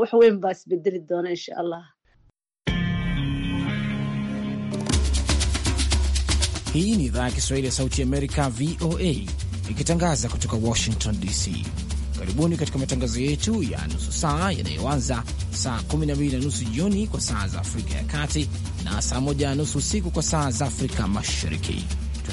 wax weyn baa isbedeli doona insha allah. Hii ni idhaa ya Kiswahili ya Sauti Amerika, VOA, ikitangaza kutoka Washington DC. Karibuni katika matangazo yetu ya nusu saa yanayoanza saa 12 na nusu jioni kwa saa za Afrika ya Kati na saa 1 na nusu usiku kwa saa za Afrika Mashariki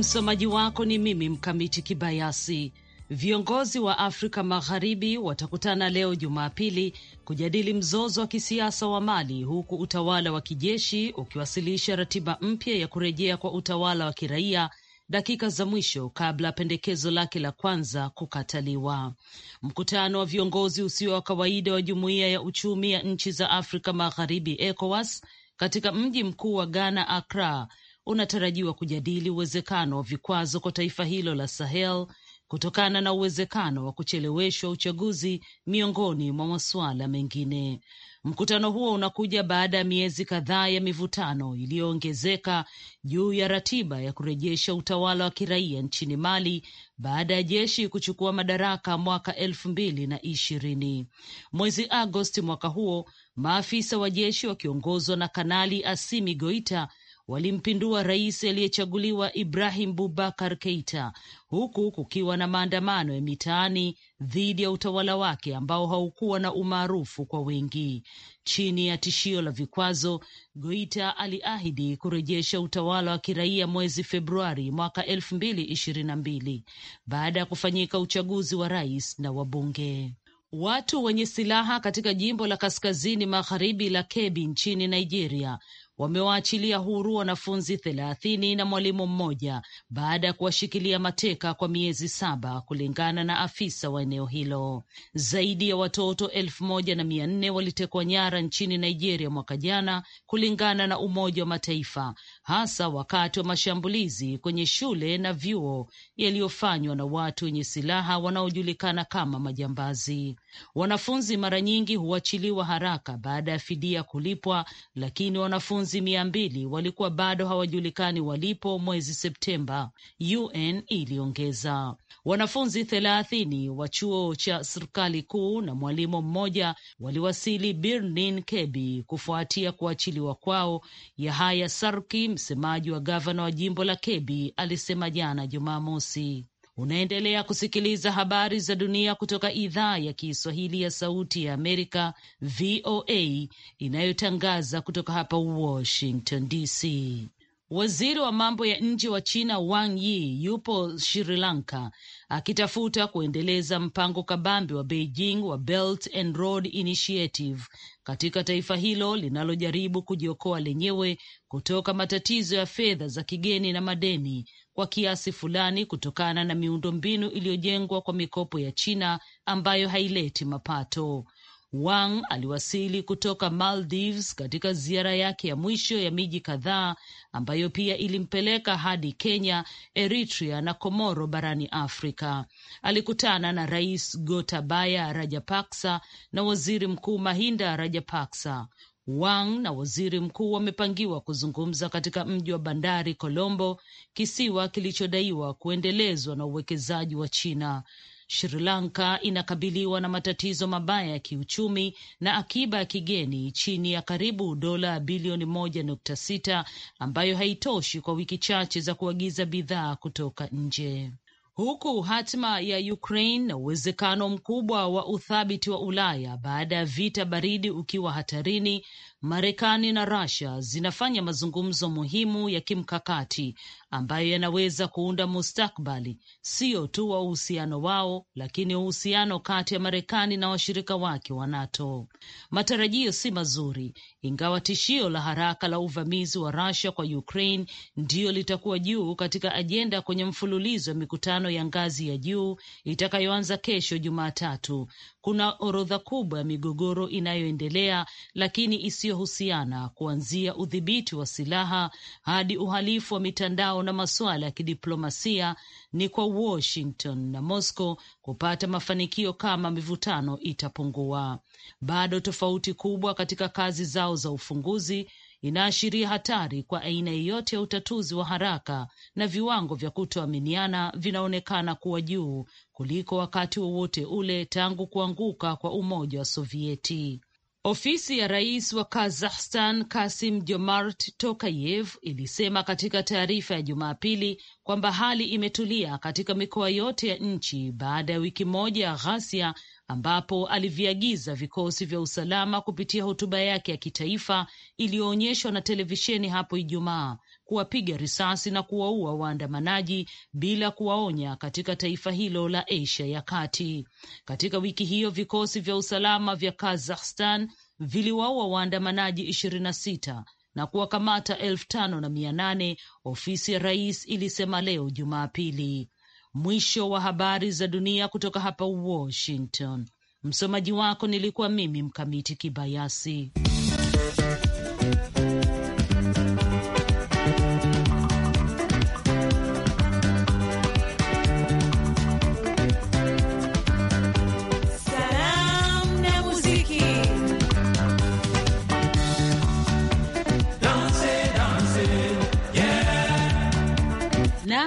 Msomaji wako ni mimi Mkamiti Kibayasi. Viongozi wa Afrika Magharibi watakutana leo Jumapili kujadili mzozo wa kisiasa wa Mali, huku utawala wa kijeshi ukiwasilisha ratiba mpya ya kurejea kwa utawala wa kiraia dakika za mwisho kabla pendekezo lake la kwanza kukataliwa. Mkutano wa viongozi usio wa kawaida wa Jumuiya ya Uchumi ya Nchi za Afrika Magharibi, ECOWAS, katika mji mkuu wa Ghana, Accra, unatarajiwa kujadili uwezekano wa vikwazo kwa taifa hilo la Sahel kutokana na uwezekano wa kucheleweshwa uchaguzi miongoni mwa masuala mengine. Mkutano huo unakuja baada ya miezi kadhaa ya mivutano iliyoongezeka juu ya ratiba ya kurejesha utawala wa kiraia nchini Mali baada ya jeshi kuchukua madaraka mwaka elfu mbili na ishirini. Mwezi Agosti mwaka huo, maafisa wa jeshi wakiongozwa na Kanali Asimi Goita walimpindua rais aliyechaguliwa Ibrahim Bubakar Keita, huku kukiwa na maandamano ya mitaani dhidi ya utawala wake ambao haukuwa na umaarufu kwa wengi. Chini ya tishio la vikwazo, Goita aliahidi kurejesha utawala wa kiraia mwezi Februari mwaka elfu mbili ishirini na mbili baada ya kufanyika uchaguzi wa rais na wabunge. Watu wenye silaha katika jimbo la kaskazini magharibi la kebi nchini Nigeria wamewaachilia huru wanafunzi thelathini na mwalimu mmoja baada ya kuwashikilia mateka kwa miezi saba, kulingana na afisa wa eneo hilo. Zaidi ya watoto elfu moja na mia nne walitekwa nyara nchini Nigeria mwaka jana, kulingana na Umoja wa Mataifa hasa wakati wa mashambulizi kwenye shule na vyuo yaliyofanywa na watu wenye silaha wanaojulikana kama majambazi. Wanafunzi mara nyingi huachiliwa haraka baada ya fidia kulipwa, lakini wanafunzi mia mbili walikuwa bado hawajulikani walipo mwezi Septemba, UN iliongeza. Wanafunzi thelathini wa chuo cha serikali kuu na mwalimu mmoja waliwasili Birnin Kebi kufuatia kuachiliwa kwao. Yahaya Sarki msemaji wa gavana wa jimbo la kebi alisema jana Jumamosi. Unaendelea kusikiliza habari za dunia kutoka idhaa ya Kiswahili ya Sauti ya Amerika, VOA, inayotangaza kutoka hapa Washington DC. Waziri wa mambo ya nje wa China Wang Yi yupo Sri Lanka akitafuta kuendeleza mpango kabambi wa Beijing wa Belt and Road Initiative katika taifa hilo linalojaribu kujiokoa lenyewe kutoka matatizo ya fedha za kigeni na madeni kwa kiasi fulani kutokana na miundombinu iliyojengwa kwa mikopo ya China ambayo haileti mapato. Wang aliwasili kutoka Maldives katika ziara yake ya mwisho ya miji kadhaa ambayo pia ilimpeleka hadi Kenya, Eritrea na Komoro barani Afrika. Alikutana na Rais Gotabaya Rajapaksa na Waziri Mkuu Mahinda Rajapaksa. Wang na waziri mkuu wamepangiwa kuzungumza katika mji wa bandari Colombo, kisiwa kilichodaiwa kuendelezwa na uwekezaji wa China. Sri Lanka inakabiliwa na matatizo mabaya ya kiuchumi na akiba ya kigeni chini ya karibu dola bilioni moja nukta sita ambayo haitoshi kwa wiki chache za kuagiza bidhaa kutoka nje huku hatima ya Ukraine na uwezekano mkubwa wa uthabiti wa Ulaya baada ya vita baridi ukiwa hatarini, Marekani na Russia zinafanya mazungumzo muhimu ya kimkakati ambayo yanaweza kuunda mustakbali sio tu wa uhusiano wao, lakini uhusiano kati ya Marekani na washirika wake wa NATO. Matarajio si mazuri, ingawa tishio la haraka la uvamizi wa Russia kwa Ukraine ndiyo litakuwa juu katika ajenda kwenye mfululizo wa mikutano ya ngazi ya juu itakayoanza kesho Jumatatu. Kuna orodha kubwa ya migogoro inayoendelea, lakini isiyo yasiyohusiana kuanzia udhibiti wa silaha hadi uhalifu wa mitandao na masuala ya kidiplomasia ni kwa Washington na Moscow kupata mafanikio kama mivutano itapungua. Bado tofauti kubwa katika kazi zao za ufunguzi inaashiria hatari kwa aina yeyote ya utatuzi wa haraka, na viwango vya kutoaminiana vinaonekana kuwa juu kuliko wakati wowote ule tangu kuanguka kwa Umoja wa Sovieti. Ofisi ya rais wa Kazakhstan Kasim Jomart Tokayev ilisema katika taarifa ya Jumapili kwamba hali imetulia katika mikoa yote ya nchi baada ya wiki moja ya ghasia, ambapo aliviagiza vikosi vya usalama kupitia hotuba yake ya kitaifa iliyoonyeshwa na televisheni hapo Ijumaa kuwapiga risasi na kuwaua waandamanaji bila kuwaonya katika taifa hilo la Asia ya Kati. Katika wiki hiyo, vikosi vya usalama vya Kazakhstan viliwaua waandamanaji 26 na na kuwakamata elfu tano na mia nane ofisi ya rais ilisema leo Jumapili. Mwisho wa habari za dunia kutoka hapa Washington. Msomaji wako nilikuwa mimi Mkamiti Kibayasi.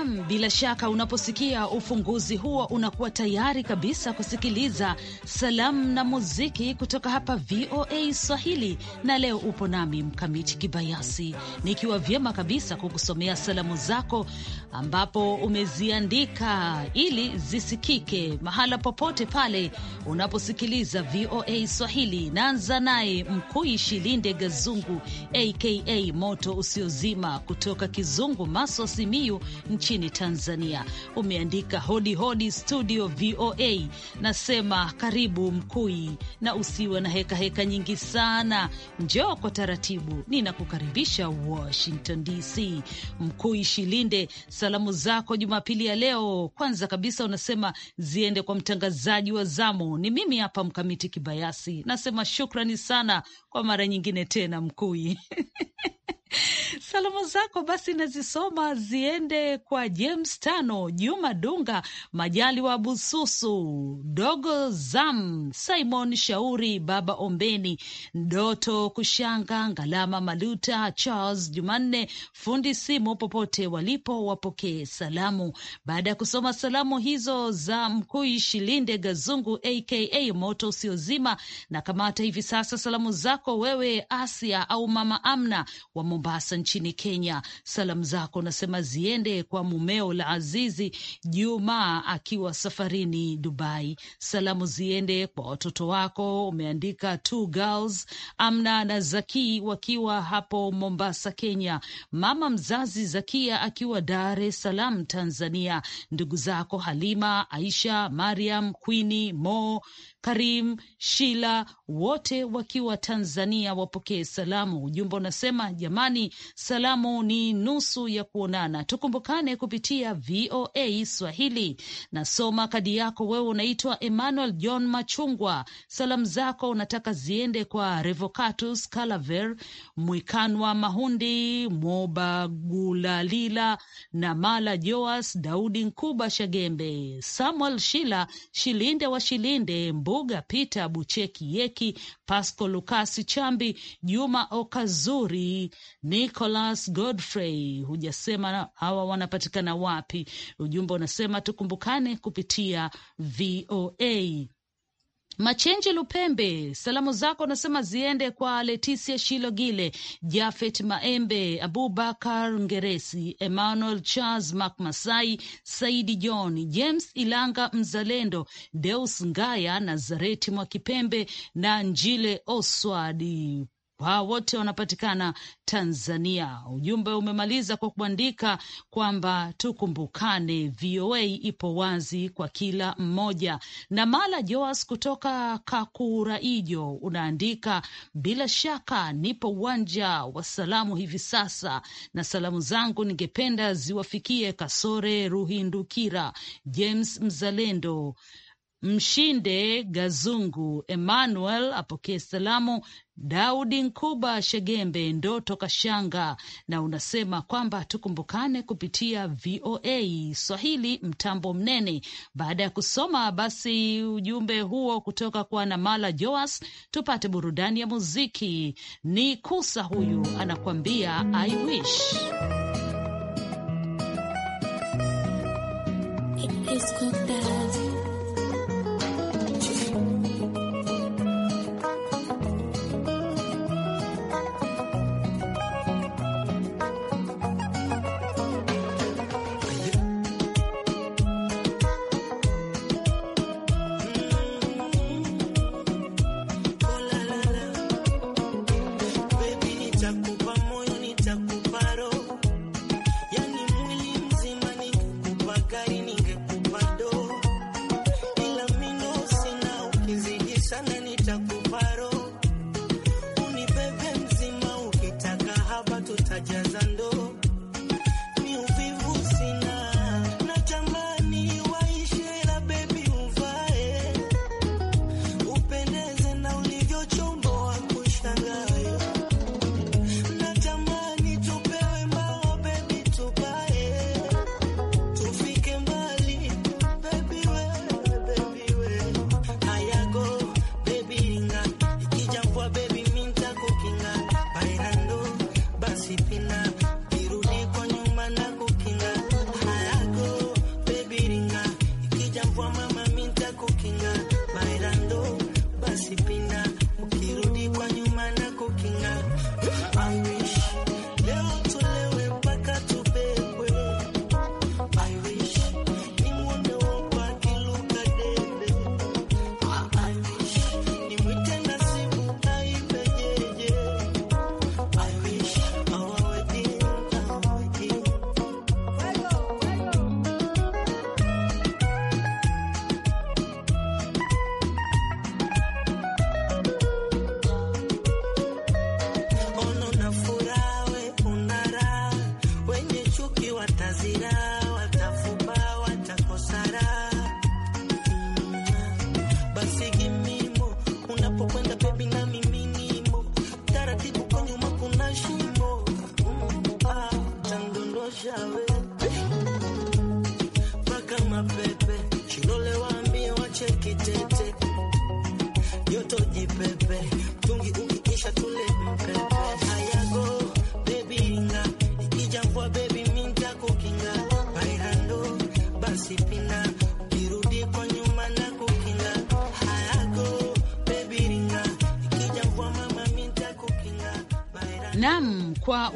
Nam, bila shaka unaposikia ufunguzi huo unakuwa tayari kabisa kusikiliza salamu na muziki kutoka hapa VOA Swahili, na leo upo nami Mkamiti Kibayasi nikiwa vyema kabisa kukusomea salamu zako ambapo umeziandika ili zisikike mahala popote pale unaposikiliza VOA Swahili. Naanza naye mkui shilinde Gazungu aka Moto Usiozima kutoka Kizungu Maso, Simiyu nchini Tanzania. Umeandika hodihodi hodi studio VOA, nasema karibu Mkui na usiwe na hekaheka heka nyingi sana, njoo kwa taratibu, ninakukaribisha Washington DC. Mkui Shilinde salamu zako Jumapili ya leo. Kwanza kabisa unasema ziende kwa mtangazaji wa zamu, ni mimi hapa Mkamiti Kibayasi. Nasema shukrani sana kwa mara nyingine tena Mkui Salamu zako basi nazisoma ziende kwa James Tano, Juma Dunga, Majali wa Bususu, Dogo Zam, Simon Shauri, Baba Ombeni, Ndoto Kushanga, Ngalama Maluta, Charles Jumanne, fundi simu, popote walipo wapokee salamu. Baada ya kusoma salamu hizo za Mkui Shilinde Gazungu aka moto usiozima, na kamata hivi sasa salamu zako wewe Asia au Mama Amna wa Mombasa nchini Kenya. Salamu zako nasema ziende kwa mumeo la azizi Juma akiwa safarini Dubai. Salamu ziende kwa watoto wako, umeandika two girls, Amna na Zaki wakiwa hapo Mombasa, Kenya. Mama mzazi Zakia akiwa Dar es Salaam, Tanzania. Ndugu zako Halima, Aisha, Mariam, Kwini, Mo, Karim, Shila wote wakiwa Tanzania wapokee salamu. Ujumbe unasema jamani Marekani. Salamu ni nusu ya kuonana, tukumbukane kupitia VOA Swahili. Nasoma kadi yako, wewe unaitwa Emmanuel John Machungwa. Salamu zako unataka ziende kwa Revocatus Calaver, Mwikanwa Mahundi, Mobagulalila na Mala Joas, Daudi Nkuba Shagembe, Samuel Shila Shilinde wa Shilinde, Mbuga Peter Bucheki Yeki Pasco lukasi Chambi, Juma Okazuri, Nicolas Godfrey. Hujasema hawa wanapatikana wapi. Ujumbe unasema tukumbukane kupitia VOA Machenje Lupembe, salamu zako nasema ziende kwa Leticia Shilogile, Jafet Maembe, Abubakar Ngeresi, Emmanuel Charles Macmasai, Saidi John, James Ilanga Mzalendo, Deus Ngaya, Nazareti Mwakipembe na Njile Oswadi hawa wote wanapatikana Tanzania. Ujumbe umemaliza kwa kuandika kwamba tukumbukane, VOA ipo wazi kwa kila mmoja. Na Mala Joas kutoka Kakuraijo unaandika bila shaka nipo uwanja wa salamu hivi sasa, na salamu zangu ningependa ziwafikie Kasore Ruhindukira, James Mzalendo, Mshinde Gazungu Emmanuel apokee salamu. Daudi Nkuba Shegembe Ndoto Kashanga, na unasema kwamba tukumbukane kupitia VOA Swahili mtambo mnene. Baada ya kusoma basi ujumbe huo kutoka kwa Namala Joas, tupate burudani ya muziki. Ni Kusa huyu anakuambia I wish It is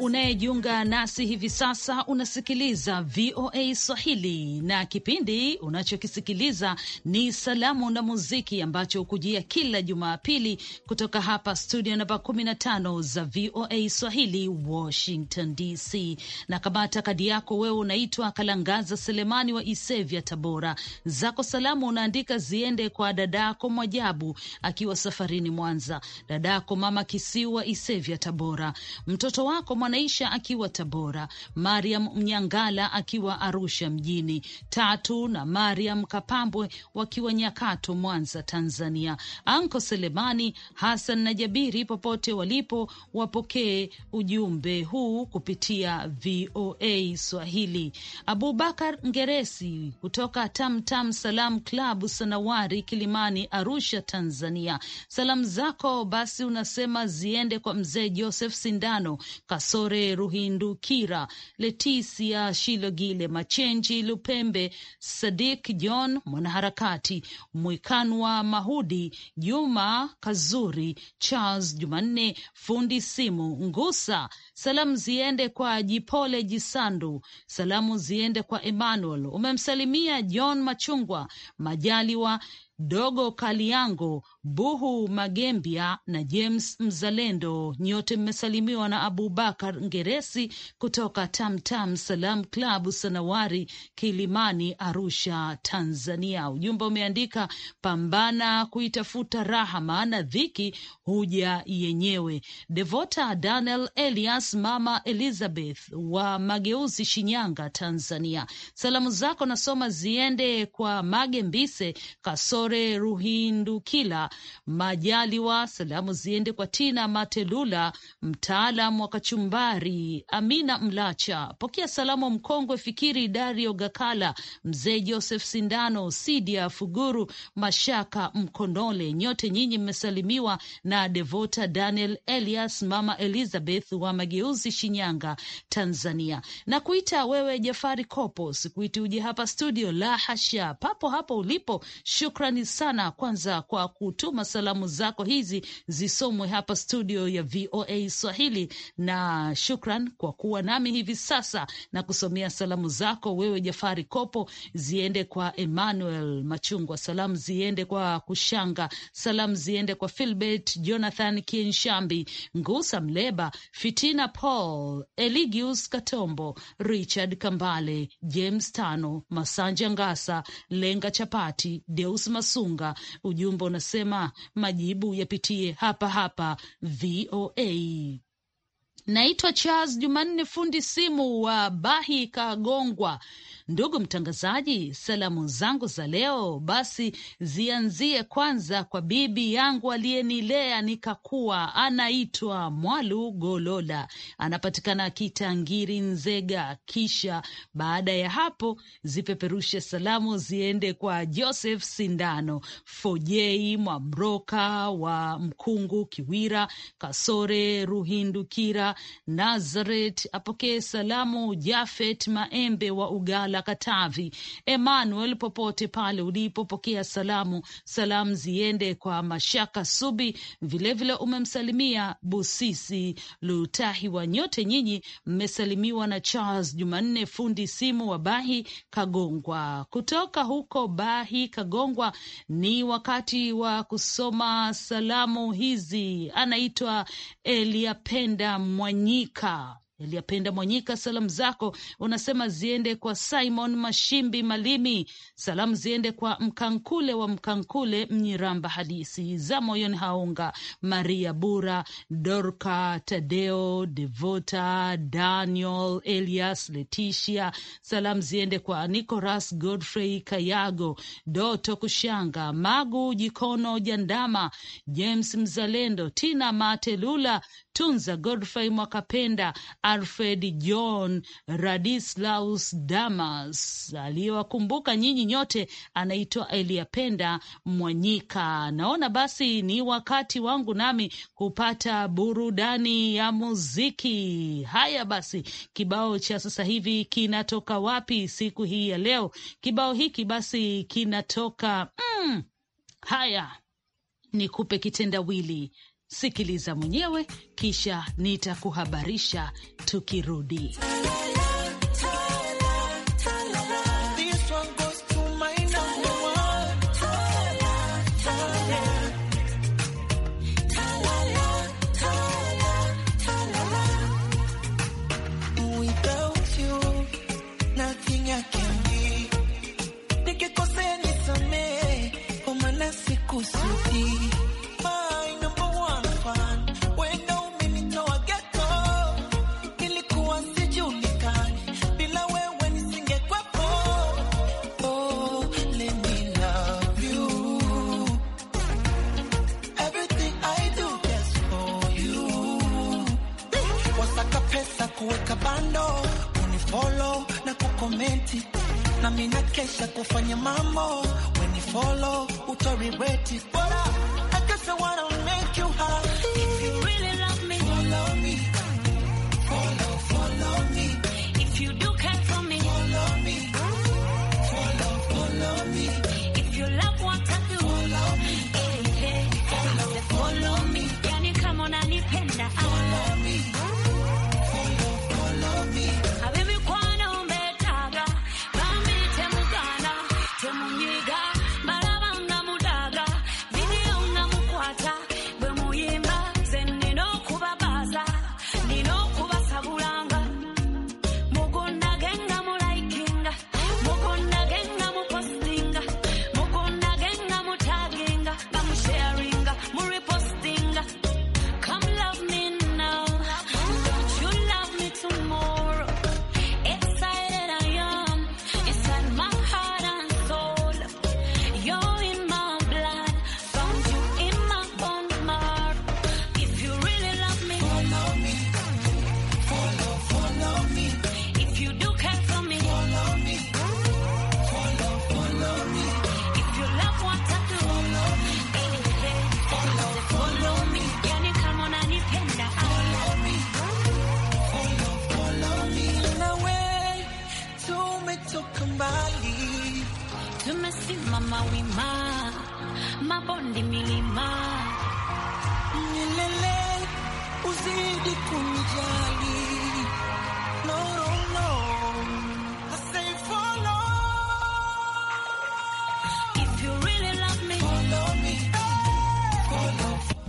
unayejiunga nasi hivi sasa unasikiliza VOA Swahili na kipindi unachokisikiliza ni Salamu na Muziki ambacho hukujia kila Jumapili kutoka hapa studio namba 15 za VOA Swahili, Washington DC. Na kamata kadi yako wewe, unaitwa Kalangaza Selemani wa Isevya, Tabora. Zako salamu unaandika ziende kwa dadako Mwajabu akiwa safarini Mwanza, dadako Mama Kisiwa Isevya, Tabora, mtoto wako mwana Maisha akiwa Tabora, Mariam Mnyangala akiwa Arusha mjini, Tatu na Mariam Kapambwe wakiwa Nyakato, Mwanza, Tanzania. Anko Selemani Hasan na Jabiri popote walipo wapokee ujumbe huu kupitia VOA Swahili. Abubakar Ngeresi kutoka Tamtam Salam Klabu Sanawari, Kilimani, Arusha, Tanzania. Salamu zako basi unasema ziende kwa mzee Joseph Sindano Kasoro Kitore Ruhindukira, Letisia Shilogile Machenji Lupembe, Sadik John mwanaharakati, Mwikanwa Mahudi, Juma Kazuri, Charles Jumanne fundi simu, Ngusa Salamu ziende kwa Jipole Jisandu, salamu ziende kwa Emmanuel, umemsalimia John Machungwa Majaliwa Dogo Kaliango, Buhu Magembia na James Mzalendo, nyote mmesalimiwa na Abubakar Ngeresi kutoka Tamtam Salam Club Sanawari, Kilimani, Arusha, Tanzania. Ujumbe umeandika pambana kuitafuta raha, maana dhiki huja yenyewe. Devota Daniel Elias Amos Mama Elizabeth wa Mageuzi, Shinyanga, Tanzania. Salamu zako nasoma ziende kwa Mage Mbise, Kasore Ruhindu, Ruhindukila, Majaliwa. Salamu ziende kwa Tina Matelula, mtaalam wa kachumbari, Amina Mlacha. Pokea salamu mkongwe Fikiri Dario Gakala, mzee Joseph Sindano, Sidia Fuguru, Mashaka Mkondole. Nyote nyinyi mmesalimiwa na Devota Daniel Elias, Mama Elizabeth wa Mage Mageuzi, Shinyanga, Tanzania, na kuita wewe Jafari Kopo, sikuiti uje hapa studio, la hasha, papo hapo ulipo. Shukrani sana kwanza kwa kutuma salamu zako hizi zisomwe hapa studio ya VOA Swahili, na shukran kwa kuwa nami hivi sasa na kusomea salamu zako wewe Jafari Kopo, ziende kwa Emmanuel Machungwa, salamu ziende kwa Kushanga, salamu ziende kwa Filbert Jonathan Kienshambi, Ngusa Mleba, Fitina Paul, Eligius Katombo, Richard Kambale, James Tano, Masanja Ngasa, Lenga Chapati, Deus Masunga. Ujumbe unasema majibu yapitie hapa hapa VOA. Naitwa Charles Jumanne, fundi simu wa Bahi Kagongwa. Ndugu mtangazaji, salamu zangu za leo basi zianzie kwanza kwa bibi yangu aliyenilea nikakua, anaitwa Mwalu Golola, anapatikana Kitangiri, Nzega. Kisha baada ya hapo zipeperushe salamu ziende kwa Joseph Sindano, Fojei Mwamroka wa Mkungu, Kiwira Kasore, Ruhindukira Nazaret apokee salamu, Jafet Maembe wa Ugala, Katavi, Emmanuel popote pale ulipopokea salamu. Salamu ziende kwa Mashaka Subi, vilevile umemsalimia Busisi Lutahi wa nyote, nyinyi mmesalimiwa na Charles Jumanne fundi simu wa Bahi Kagongwa. Kutoka huko Bahi Kagongwa ni wakati wa kusoma salamu hizi. Anaitwa Eliapenda mwa Tanganyika Iliyapenda Mwanyika, salamu zako unasema ziende kwa Simon Mashimbi Malimi, salamu ziende kwa Mkankule wa Mkankule, Mnyiramba Hadisi za moyoni, Haunga Maria Bura, Dorka Tadeo, Devota Daniel, Elias Leticia, salamu ziende kwa Nicolas Godfrey Kayago, Doto Kushanga, Magu Jikono, Jandama James Mzalendo, Tina Matelula, Tunza Godfrey Mwakapenda Alfred John Radislaus Damas aliyewakumbuka nyinyi nyote, anaitwa Eliapenda Mwanyika. Naona basi ni wakati wangu nami kupata burudani ya muziki. Haya basi, kibao cha sasa hivi kinatoka wapi siku hii ya leo? Kibao hiki basi kinatoka mm, haya nikupe kitendawili Sikiliza mwenyewe kisha nitakuhabarisha tukirudi. komenti, mina kesha kufanya mambo, you follow utoriweti bora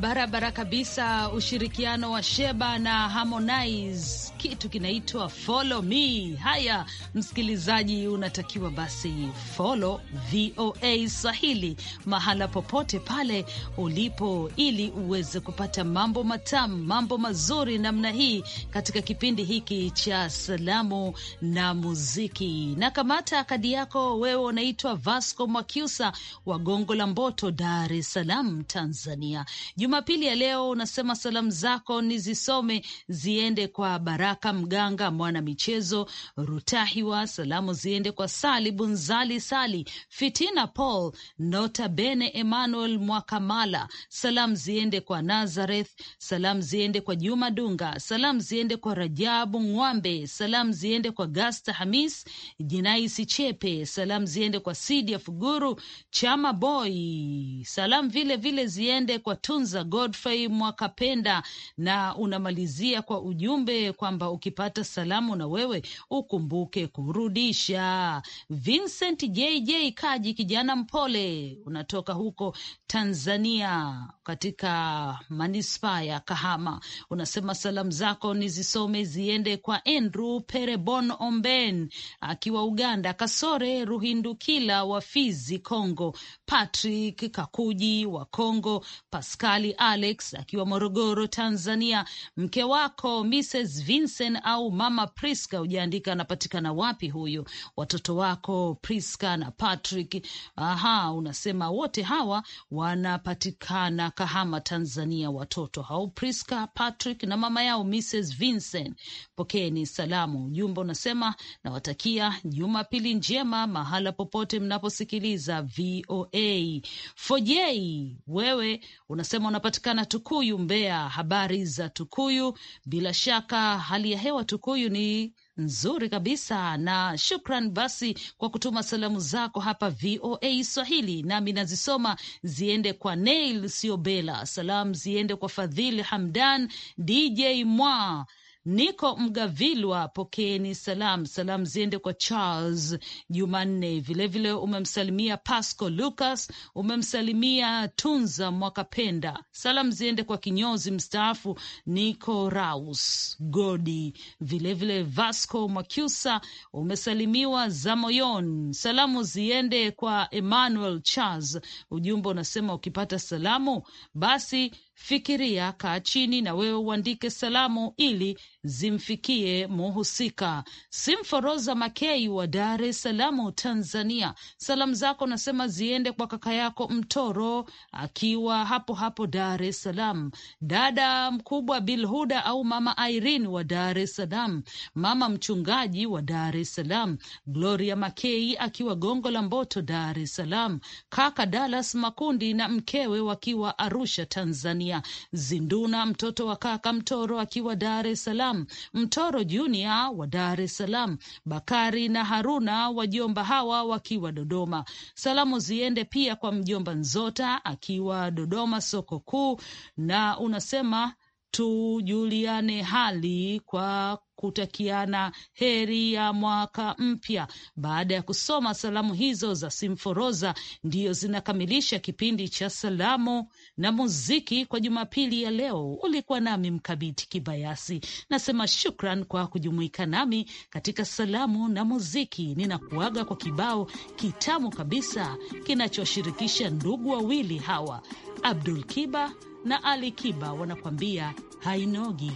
barabara kabisa, ushirikiano wa Sheba na Harmonize kitu kinaitwa follow me. Haya, msikilizaji, unatakiwa basi follow VOA Swahili mahala popote pale ulipo, ili uweze kupata mambo matamu, mambo mazuri namna hii katika kipindi hiki cha salamu na muziki. Na kamata kadi yako wewe, unaitwa Vasco Mwakiusa wa Gongo la Mboto, Dar es Salaam, Tanzania. Jumapili ya leo unasema salamu zako nizisome ziende kwa bara Baraka Mganga, mwana michezo Rutahiwa. Salamu ziende kwa Sali Bunzali, Sali Fitina, Paul Nota Bene, Emmanuel Mwakamala. Salamu ziende kwa Nazareth. Salamu ziende kwa Juma Dunga. Salamu ziende kwa Rajabu Ng'wambe. Salamu ziende kwa Gasta Hamis Jinaisi Chepe. Salamu ziende kwa Sidia Fuguru Chama Boy. Salamu vile vile ziende kwa Tunza Godfrey Mwakapenda, na unamalizia kwa ujumbe kwamba kwamba ukipata salamu na wewe ukumbuke kurudisha. Vincent JJ Kaji, kijana mpole, unatoka huko Tanzania, katika manispaa ya Kahama, unasema salamu zako nizisome ziende kwa Andrew Perebon Omben akiwa Uganda, Kasore Ruhindukila wa Fizi Congo, Patrick Kakuji wa congo Paskali Alex akiwa Morogoro Tanzania, mke wako Mrs. Vincent Vincent au mama Priska, ujaandika anapatikana wapi huyo, watoto wako Priska na Patrick. Aha, unasema wote hawa wanapatikana Kahama, Tanzania, watoto hao Priska, Patrick na mama yao Mrs Vincent. Pokeeni salamu. Ujumbe unasema nawatakia Jumapili njema mahala popote mnaposikiliza VOA. Fojei, wewe unasema unapatikana Tukuyu, Mbeya. Habari za Tukuyu bila shaka hali ya hewa Tukuyu ni nzuri kabisa, na shukran basi kwa kutuma salamu zako hapa VOA Swahili, nami nazisoma ziende kwa Neil Siobela, salamu ziende kwa Fadhili Hamdan, DJ Mwa Niko Mgavilwa, pokeeni salam. Salam ziende kwa Charles Jumanne, vilevile umemsalimia Pasco Lucas, umemsalimia Tunza Mwakapenda. Salam ziende kwa kinyozi mstaafu niko Raus Godi, vilevile Vasco Mwakyusa, umesalimiwa Zamoyon. Salamu ziende kwa Emmanuel Charles. Ujumbe unasema ukipata salamu basi Fikiria, kaa chini na wewe uandike salamu ili zimfikie muhusika. Simforoza Makei wa Dar es Salaam, Tanzania, salamu zako nasema ziende kwa kaka yako Mtoro akiwa hapo hapo Dar es Salaam, dada mkubwa Bilhuda au mama Irene wa Dar es Salaam, mama mchungaji wa Dar es Salaam, Gloria Makei akiwa Gongo la Mboto, Dar es Salaam, kaka Dalas Makundi na mkewe wakiwa Arusha, Tanzania. Tanzania. Zinduna mtoto wa kaka Mtoro akiwa Dar es Salaam, Mtoro Junior wa Dar es Salaam, Bakari na Haruna wajomba hawa wakiwa Dodoma. Salamu ziende pia kwa mjomba Nzota akiwa Dodoma soko kuu, na unasema tujuliane hali kwa kutakiana heri ya mwaka mpya. Baada ya kusoma salamu hizo za Simforoza, ndiyo zinakamilisha kipindi cha salamu na muziki kwa Jumapili ya leo. Ulikuwa nami Mkabiti Kibayasi, nasema shukran kwa kujumuika nami katika salamu na muziki. Ninakuaga kwa kibao kitamu kabisa kinachoshirikisha ndugu wawili hawa Abdul Kiba na Ali Kiba wanakwambia hainogi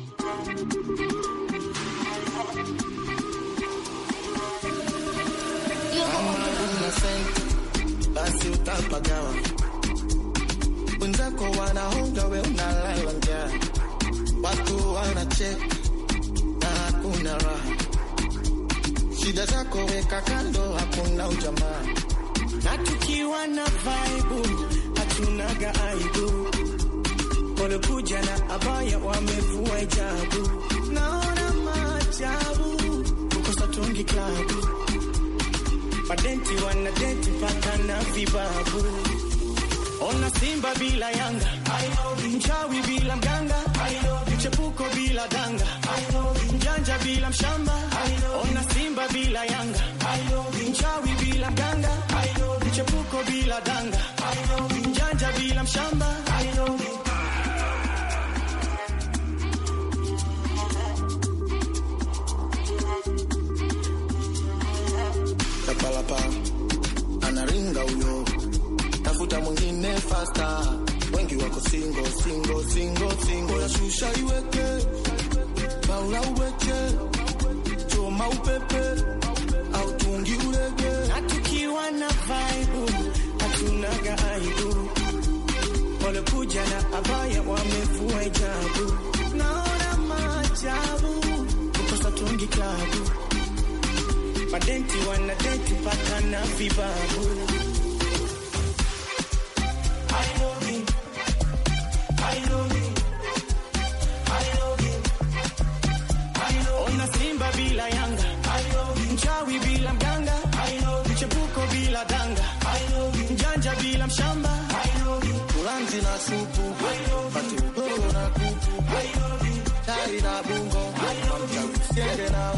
basi utapagawa. Wenzako wanahonga, we unalala njaa. na hakuna raha. Shida zako weka kando, hakuna ujamaa. Na tukiwa na vaibu, hatunaga aibu. Walikuja na abaya, wamevua hijabu madenti wanadenti paka na vibabu, ona Simba bila Yanga, mchawi bila mganga, mchepuko bila danga, mjanja bila mshamba, ona Simba bila Yanga, mchawi bila mganga, mchepuko bila danga, mjanja bila mshamba huyo, tafuta mwingine fasta, wengi wako singo singo singo singo, ya shusha iweke baula uweke choma upepe au tungi urege, na tukiwa na vaibu hatunaga aibu, walikuja na abaya wamefua hijabu, naona maajabu kukosa tungi klabu madenti wanadenti paka na vibabu Ona Simba bila Yanga, mchawi bila mganga, mchepuko bila danga, mjanja bila mshamba, ulanzi na supu, patudoro na kuku, tari na bungo, mchawi siende na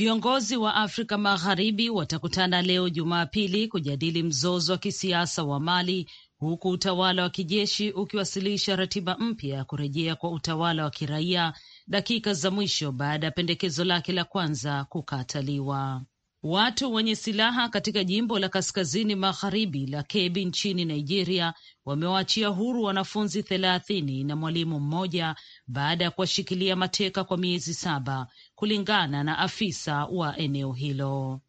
Viongozi wa Afrika Magharibi watakutana leo Jumapili kujadili mzozo wa kisiasa wa Mali huku utawala wa kijeshi ukiwasilisha ratiba mpya ya kurejea kwa utawala wa kiraia dakika za mwisho baada ya pendekezo lake la kwanza kukataliwa. Watu wenye silaha katika jimbo la kaskazini magharibi la kebi nchini Nigeria wamewaachia huru wanafunzi thelathini na mwalimu mmoja baada ya kuwashikilia mateka kwa miezi saba kulingana na afisa wa eneo hilo.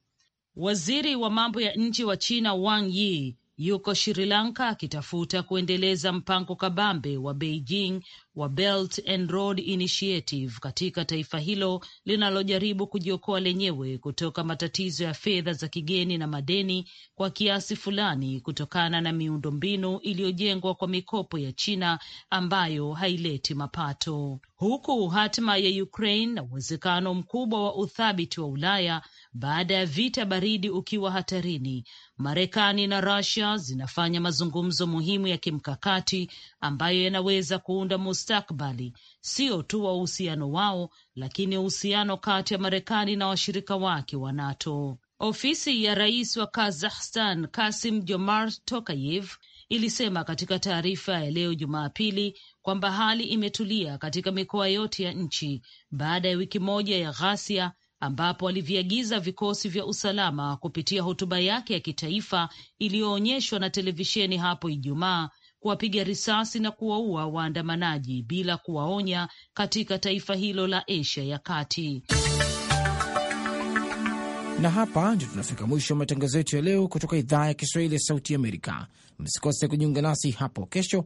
Waziri wa mambo ya nje wa China Wang Yi yuko Sri Lanka akitafuta kuendeleza mpango kabambe wa Beijing wa Belt and Road Initiative katika taifa hilo linalojaribu kujiokoa lenyewe kutoka matatizo ya fedha za kigeni na madeni kwa kiasi fulani kutokana na miundombinu iliyojengwa kwa mikopo ya China ambayo haileti mapato, huku hatima ya Ukraine na uwezekano mkubwa wa uthabiti wa Ulaya baada ya vita baridi ukiwa hatarini, Marekani na Russia zinafanya mazungumzo muhimu ya kimkakati ambayo yanaweza kuunda mustakbali sio tu wa uhusiano wao, lakini uhusiano kati ya Marekani na washirika wake wa NATO. Ofisi ya rais wa Kazakhstan Kasim Jomart Tokayev ilisema katika taarifa ya leo Jumapili kwamba hali imetulia katika mikoa yote ya nchi baada ya wiki moja ya ghasia ambapo aliviagiza vikosi vya usalama kupitia hotuba yake ya kitaifa iliyoonyeshwa na televisheni hapo Ijumaa kuwapiga risasi na kuwaua waandamanaji bila kuwaonya katika taifa hilo la Asia ya Kati. Na hapa ndio tunafika mwisho wa matangazo yetu ya leo kutoka idhaa ya Kiswahili ya Sauti Amerika. Msikose kujiunga nasi hapo kesho